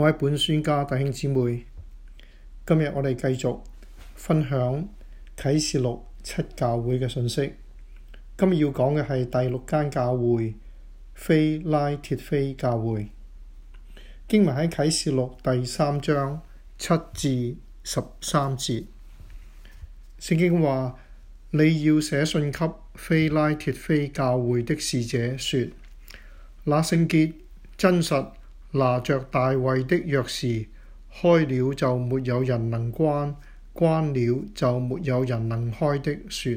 各位本宣家弟兄姊妹，今日我哋繼續分享啟示錄七教會嘅信息。今日要講嘅係第六間教會——非拉鐵非教會。經文喺啟示錄第三章七至十三節。聖經話：你要寫信給非拉鐵非教會的使者，說，那聖潔真實。拿着大衞的鑰匙，開了就沒有人能關，關了就沒有人能開的，說：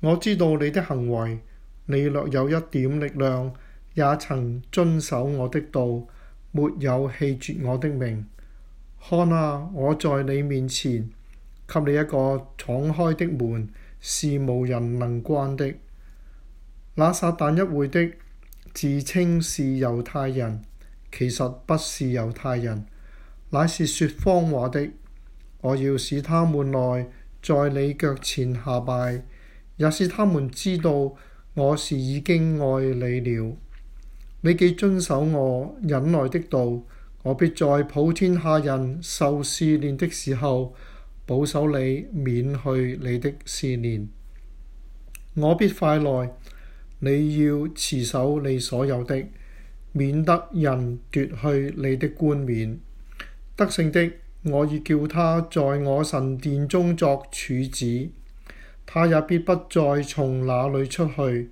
我知道你的行為，你略有一點力量，也曾遵守我的道，沒有棄絕我的命。看啊，我在你面前給你一個敞開的門，是無人能關的。那撒旦一會的，自稱是猶太人。其實不是猶太人，乃是說謊話的。我要使他們來在你腳前下拜，也使他們知道我是已經愛你了。你既遵守我忍耐的道，我必在普天下人受試煉的時候，保守你免去你的試煉。我必快來，你要持守你所有的。免得人奪去你的冠冕。得勝的，我已叫他在我神殿中作柱子，他也必不再從那裏出去。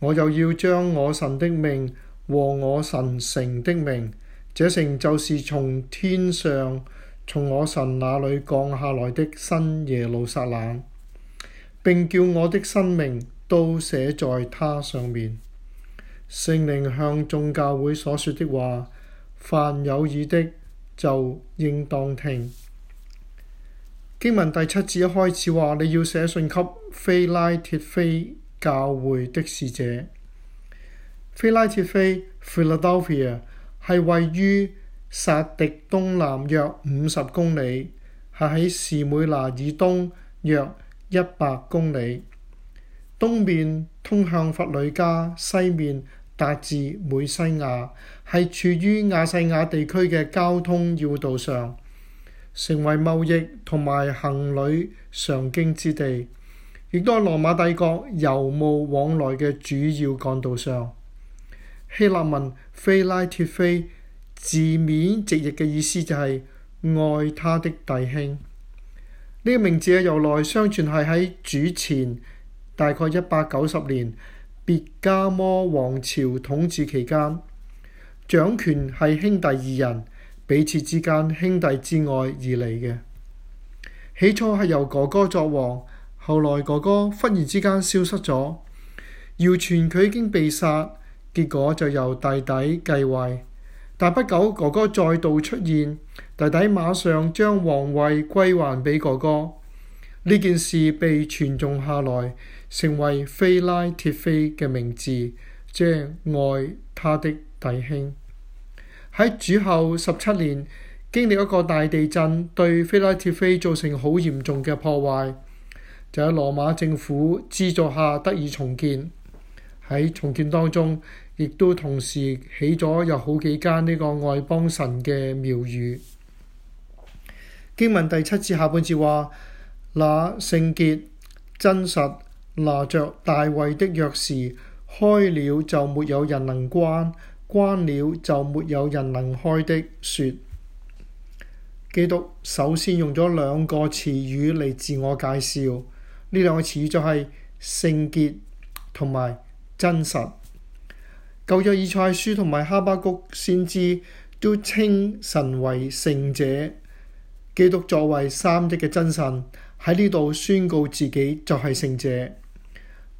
我又要將我神的命和我神城的命，這城就是從天上、從我神那裏降下來的新耶路撒冷，並叫我的生命都寫在他上面。聖靈向眾教會所說的話，凡有耳的就應當聽。經文第七節一開始話：你要寫信給非拉鐵非教會的使者。非拉鐵非 Philadelphia 係位於撒狄東南約五十公里，係喺士每拿以東約一百公里，東面通向弗呂家，西面。達至每西亞係處於亞細亞地區嘅交通要道上，成為貿易同埋行旅常經之地，亦都係羅馬帝國郵務往來嘅主要幹道上。希臘文菲拉脱菲字面直譯嘅意思就係、是、愛他的弟兄。呢、這個名字嘅由來相傳係喺主前大概一百九十年。別迦摩王朝統治期間，掌權係兄弟二人，彼此之間兄弟之愛而嚟嘅。起初係由哥哥作王，後來哥哥忽然之間消失咗，謠傳佢已經被殺，結果就由弟弟繼位。但不久哥、哥哥再度出現，弟弟馬上將王位歸還俾哥哥。呢件事被傳頌下來，成為菲拉鐵菲嘅名字，即係愛他的弟兄。喺主後十七年，經歷一個大地震，對菲拉鐵菲造成好嚴重嘅破壞。就喺羅馬政府資助下得以重建。喺重建當中，亦都同時起咗有好幾間呢個外邦神嘅廟宇。經文第七節下半節話。那聖潔真實，拿着大衞的鑰匙，開了就沒有人能關，關了就沒有人能開的說。說基督首先用咗兩個詞語嚟自我介紹，呢兩個詞語就係聖潔同埋真實。舊約以賽書同埋哈巴谷先知都稱神為聖者，基督作為三一嘅真神，喺呢度宣告自己就係聖者，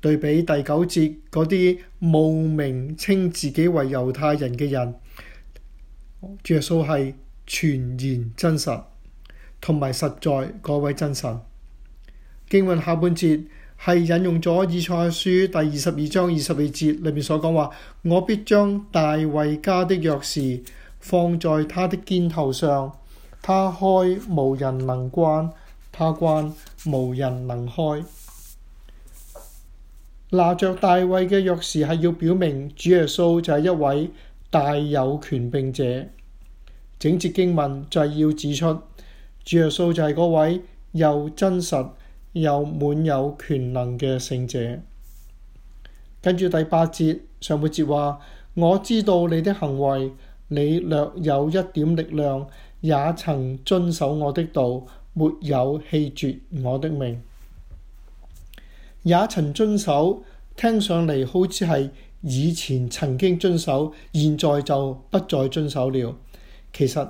對比第九節嗰啲冒名稱自己為猶太人嘅人，著數係全然真實同埋實在嗰位真神。經文下半節係引用咗以賽書第二十二章二十二節裏面所講話：我必將大衞家的鑰匙放在他的肩頭上，他開無人能關。怕關無人能開。拿着大衞嘅鑰匙係要表明主耶穌就係一位大有權柄者。整節經文就係要指出主耶穌就係嗰位又真實又滿有權能嘅聖者。跟住第八節上半節話：我知道你的行為，你略有一點力量，也曾遵守我的道。沒有棄絕我的命，也曾遵守。聽上嚟好似係以前曾經遵守，現在就不再遵守了。其實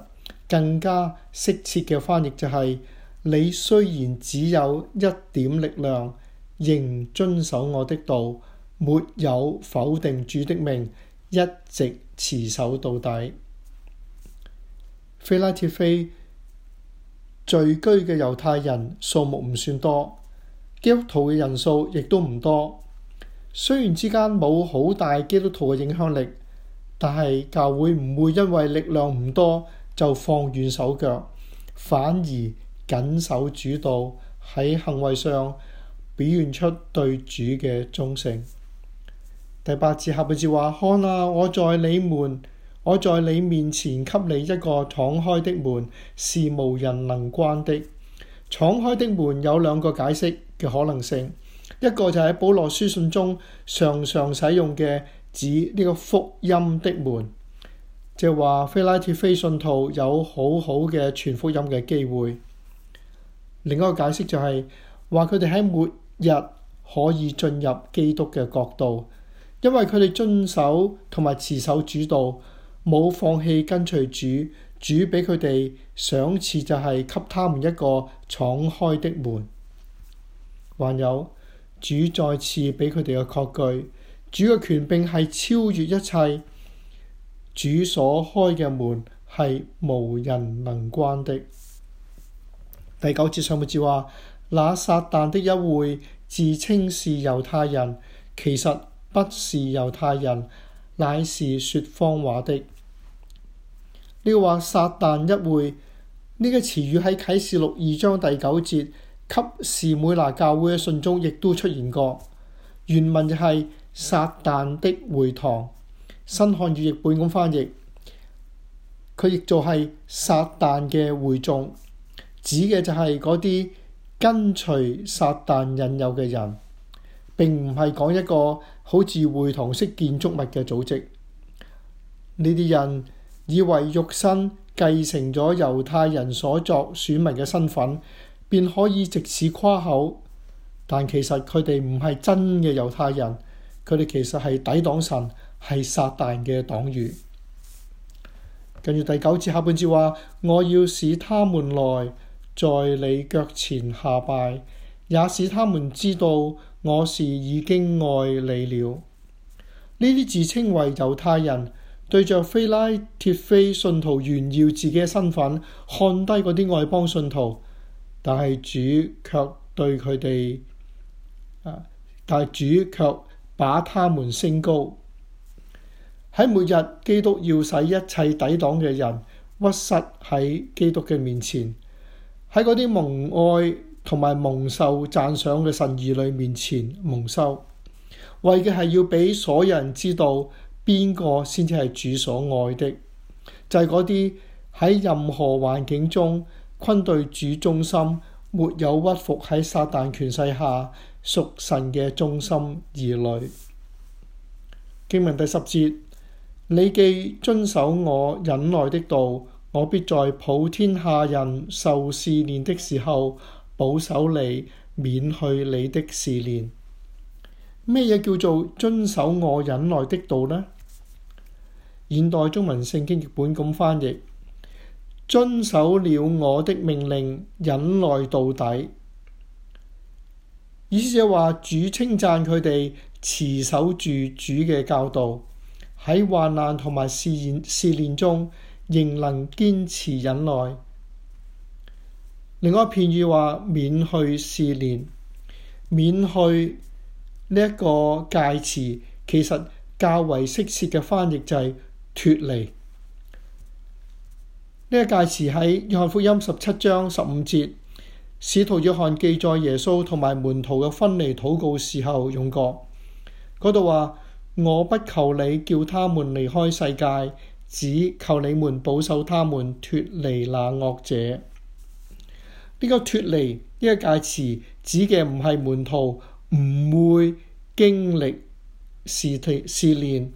更加適切嘅翻譯就係、是：你雖然只有一點力量，仍遵守我的道，沒有否定主的命，一直持守到底。菲拉鐵菲。聚居嘅猶太人數目唔算多，基督徒嘅人數亦都唔多。雖然之間冇好大基督徒嘅影響力，但係教會唔會因為力量唔多就放軟手腳，反而緊守主道，喺行為上表現出對主嘅忠誠。第八節下嘅字話：看啊，我在你們。我在你面前給你一個敞開的門，是無人能關的。敞開的門有兩個解釋嘅可能性，一個就係保羅書信中常常使用嘅，指、這、呢個福音的門，即係話非拉鐵非信徒有好好嘅傳福音嘅機會。另一個解釋就係話佢哋喺末日可以進入基督嘅國度，因為佢哋遵守同埋持守主道。冇放棄跟隨主，主畀佢哋賞賜就係給他們一個敞開的門。還有，主再次畀佢哋嘅確據，主嘅權柄係超越一切，主所開嘅門係無人能關的。第九節上半節話：那撒旦的一會自稱是猶太人，其實不是猶太人，乃是說謊話的。呢個話撒旦一會呢個詞語喺《啟示錄》二章第九節給士妹拿教會嘅信中，亦都出現過。原文就係撒旦的會堂，新漢語譯本咁翻譯，佢亦就係撒旦嘅會眾，指嘅就係嗰啲跟隨撒旦引誘嘅人，並唔係講一個好似會堂式建築物嘅組織。呢啲人。以為肉身繼承咗猶太人所作選民嘅身份，便可以借此誇口，但其實佢哋唔係真嘅猶太人，佢哋其實係抵擋神、係撒旦嘅黨羽。跟住第九節下半節話：我要使他們來在你腳前下拜，也使他們知道我是已經愛你了。呢啲自稱為猶太人。對着非拉鐵非信徒炫耀自己嘅身份，看低嗰啲外邦信徒，但係主卻對佢哋、啊，但係主卻把他們升高。喺末日，基督要使一切抵擋嘅人屈膝喺基督嘅面前，喺嗰啲蒙愛同埋蒙受讚賞嘅神兒女面前蒙羞，為嘅係要俾所有人知道。邊個先至係主所愛的？就係嗰啲喺任何環境中，均對主忠心，沒有屈服喺撒旦權勢下屬神嘅忠心兒女。經文第十節，你既遵守我忍耐的道，我必在普天下人受試煉的時候，保守你，免去你的試煉。咩嘢叫做遵守我忍耐的道呢？現代中文聖經譯本咁翻譯，遵守了我的命令，忍耐到底。意思就係話主稱讚佢哋持守住主嘅教導，喺患難同埋試驗試練中仍能堅持忍耐。另外一個片語話免去試練，免去呢一個介詞，其實較為適切嘅翻譯就係、是。脱離呢、這個介詞喺《約翰福音》十七章十五節，使徒約翰記載耶穌同埋門徒嘅分離禱告時候用過。嗰度話：我不求你叫他們離開世界，只求你們保守他們脱離那惡者。呢、這個脱離呢個介詞指嘅唔係門徒唔會經歷試題試煉。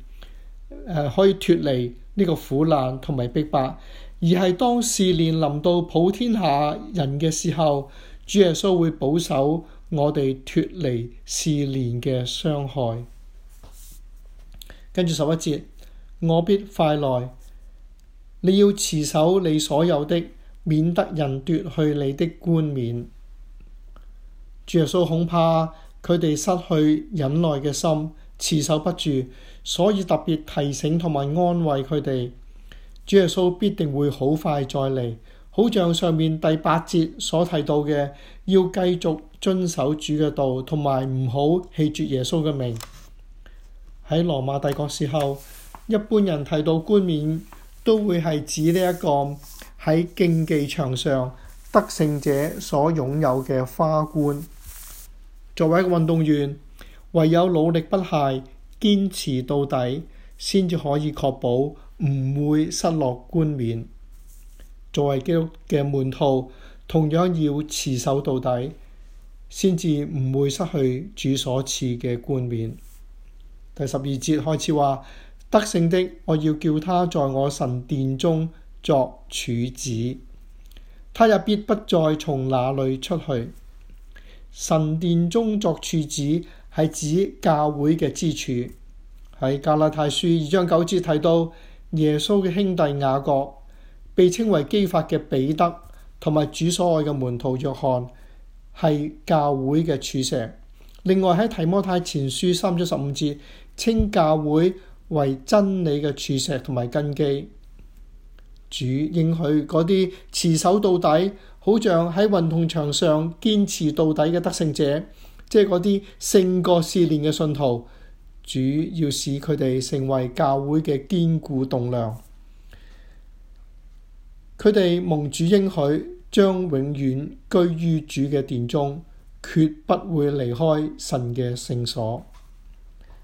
誒，可以脱離呢個苦難同埋逼迫，而係當試煉臨到普天下人嘅時候，主耶穌會保守我哋脱離試煉嘅傷害。跟住十一節，我必快來，你要持守你所有的，免得人奪去你的冠冕。主耶穌恐怕佢哋失去忍耐嘅心。持守不住，所以特別提醒同埋安慰佢哋。主耶穌必定會好快再嚟，好像上面第八節所提到嘅，要繼續遵守主嘅道，同埋唔好棄絕耶穌嘅名。喺羅馬帝國時候，一般人提到冠冕，都會係指呢一個喺競技場上得勝者所擁有嘅花冠。作為一個運動員。唯有努力不懈、堅持到底，先至可以確保唔會失落冠冕。作為基督嘅門徒，同樣要持守到底，先至唔會失去主所賜嘅冠冕，冕。第十二節開始話：得勝的，我要叫他在我神殿中作柱子，他也必不再從那裏出去。神殿中作柱子。係指教會嘅支柱，喺加拉太書二章九節提到耶穌嘅兄弟雅各、被稱為基法嘅彼得同埋主所愛嘅門徒約翰係教會嘅柱石。另外喺提摩太前書三章十五節稱教會為真理嘅柱石同埋根基。主應許嗰啲持守到底，好像喺運動場上堅持到底嘅得勝者。即係嗰啲勝過試煉嘅信徒，主要使佢哋成為教會嘅堅固棟梁。佢哋蒙主應許，將永遠居於主嘅殿中，決不會離開神嘅聖所。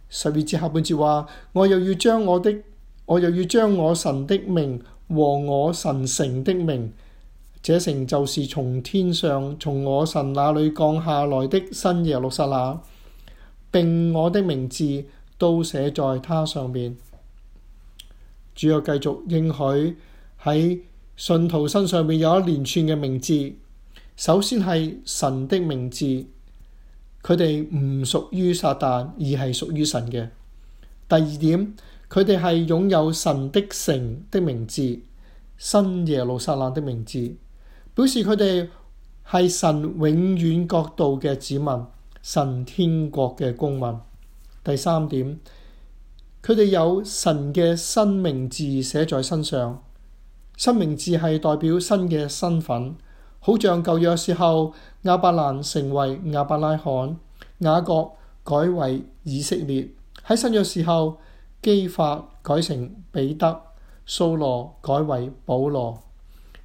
十二節下半節話：我又要將我的，我又要將我神的名和我神城的名。這城就是從天上從我神那裏降下來的，新耶路撒冷，並我的名字都寫在它上面。主要繼續應許喺信徒身上面有一連串嘅名字，首先係神的名字，佢哋唔屬於撒旦，而係屬於神嘅。第二點，佢哋係擁有神的城的名字，新耶路撒冷的名字。表示佢哋係神永遠國度嘅子民，神天國嘅公民。第三點，佢哋有神嘅新名字寫在身上。新名字係代表新嘅身份，好像舊約時候亞伯蘭成為亞伯拉罕，雅各改為以色列。喺新約時候，磯法改成彼得，掃羅改為保羅。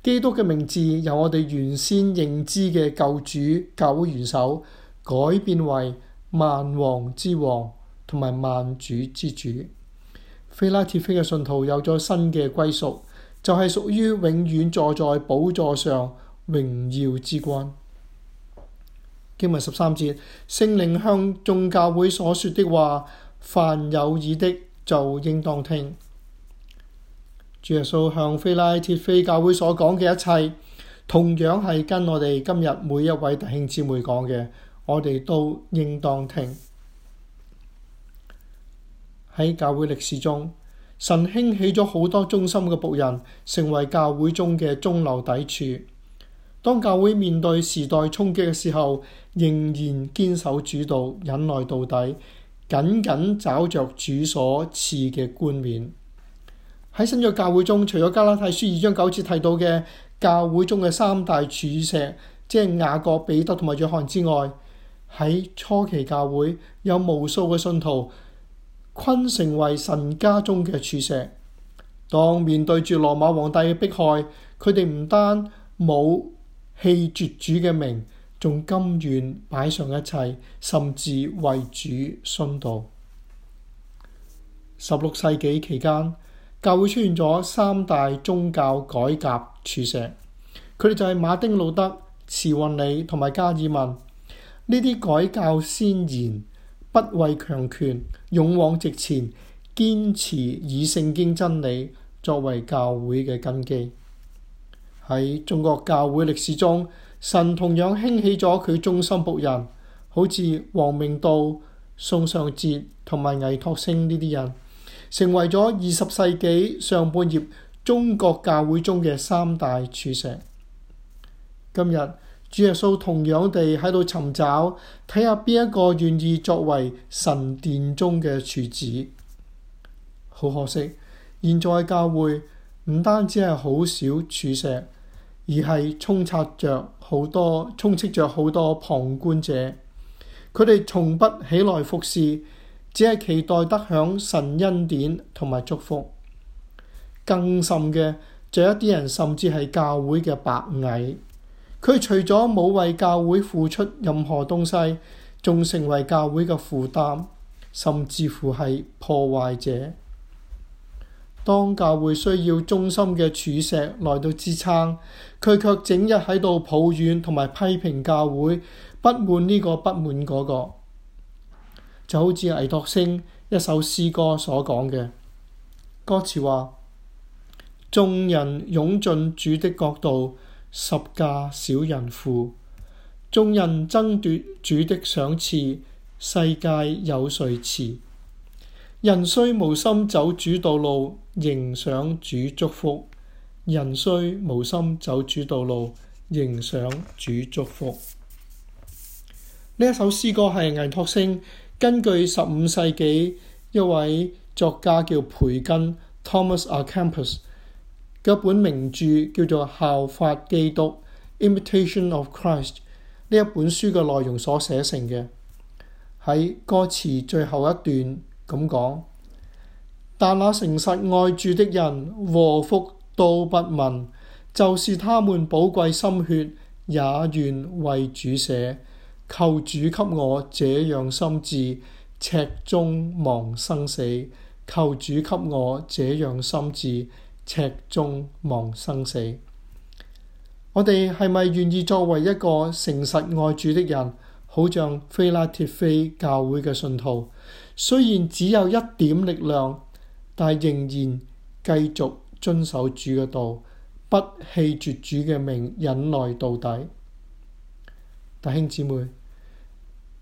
基督嘅名字由我哋原先認知嘅救主、教會元首，改變為萬王之王同埋萬主之主。非拉鐵非嘅信徒有咗新嘅歸屬，就係、是、屬於永遠坐在寶座上榮耀之冠。經文十三節，聖靈向眾教會所說的話，凡有耳的就應當聽。主耶穌向非拉鐵非教會所講嘅一切，同樣係跟我哋今日每一位弟兄姊妹講嘅，我哋都應當聽。喺教會歷史中，神興起咗好多忠心嘅僕人，成為教會中嘅中流砥柱。當教會面對時代衝擊嘅時候，仍然堅守主道，忍耐到底，緊緊找着主所賜嘅冠冕。喺新約教會中，除咗加拉太書二章九節提到嘅教會中嘅三大柱石，即係雅各、彼得同埋約翰之外，喺初期教會有無數嘅信徒，昆成為神家中嘅柱石。當面對住羅馬皇帝嘅迫害，佢哋唔單冇棄絕主嘅名，仲甘願擺上一切，甚至為主殉道。十六世紀期間，教會出現咗三大宗教改革柱石，佢哋就係馬丁路德、慈運理同埋加爾文。呢啲改教先賢不畏強權，勇往直前，堅持以聖經真理作為教會嘅根基。喺中國教會歷史中，神同樣興起咗佢忠心僕人，好似王明道、宋尚哲同埋倪柝聲呢啲人。成為咗二十世紀上半葉中國教會中嘅三大柱石。今日，主耶穌同樣地喺度尋找，睇下邊一個願意作為神殿中嘅柱子。好可惜，現在教會唔單止係好少柱石，而係充斥着好多充斥着好多旁觀者。佢哋從不起來服侍。只係期待得享神恩典同埋祝福，更甚嘅，有一啲人甚至係教會嘅白蟻。佢除咗冇為教會付出任何東西，仲成為教會嘅負擔，甚至乎係破壞者。當教會需要忠心嘅柱石來到支撐，佢卻整日喺度抱怨同埋批評教會，不滿呢個不滿嗰個。就好似魏托星一首詩歌所講嘅歌詞，話眾人湧進主的國度，十架小人扶；眾人爭奪主的賞賜，世界有誰持？人雖無心走主道路，仍想主祝福；人雖無心走主道路，仍想主祝福。呢一首詩歌係魏托星，根據十五世紀一位作家叫培根 Thomas à Kempis 嘅一本名著叫做《效法基督》《Imitation of Christ》呢一本書嘅內容所寫成嘅，喺歌詞最後一段咁講：但那誠實愛主的人，禍福都不問，就是他們寶貴心血也願為主捨。求主給我這樣心志，赤中忘生死。求主給我這樣心志，赤中忘生死。我哋係咪願意作為一個誠實愛主的人，好像非拉鐵非教會嘅信徒？雖然只有一點力量，但仍然繼續遵守主嘅道，不棄絕主嘅名，忍耐到底。弟兄姊妹。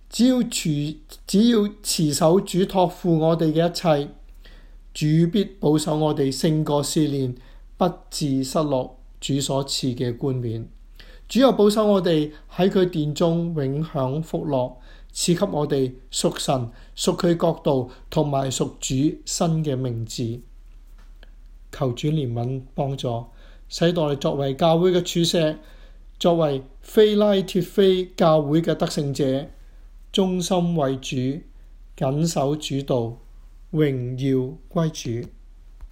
只要持只要持守主托付我哋嘅一切，主必保守我哋勝過試煉，不致失落主所賜嘅冠冕。主又保守我哋喺佢殿中永享福樂，賜給我哋屬神、屬佢國度同埋屬主新嘅名字。求主憐憫幫助，使我哋作為教會嘅柱石，作為非拉鐵非教會嘅得勝者。忠心為主，謹守主道，榮耀歸主。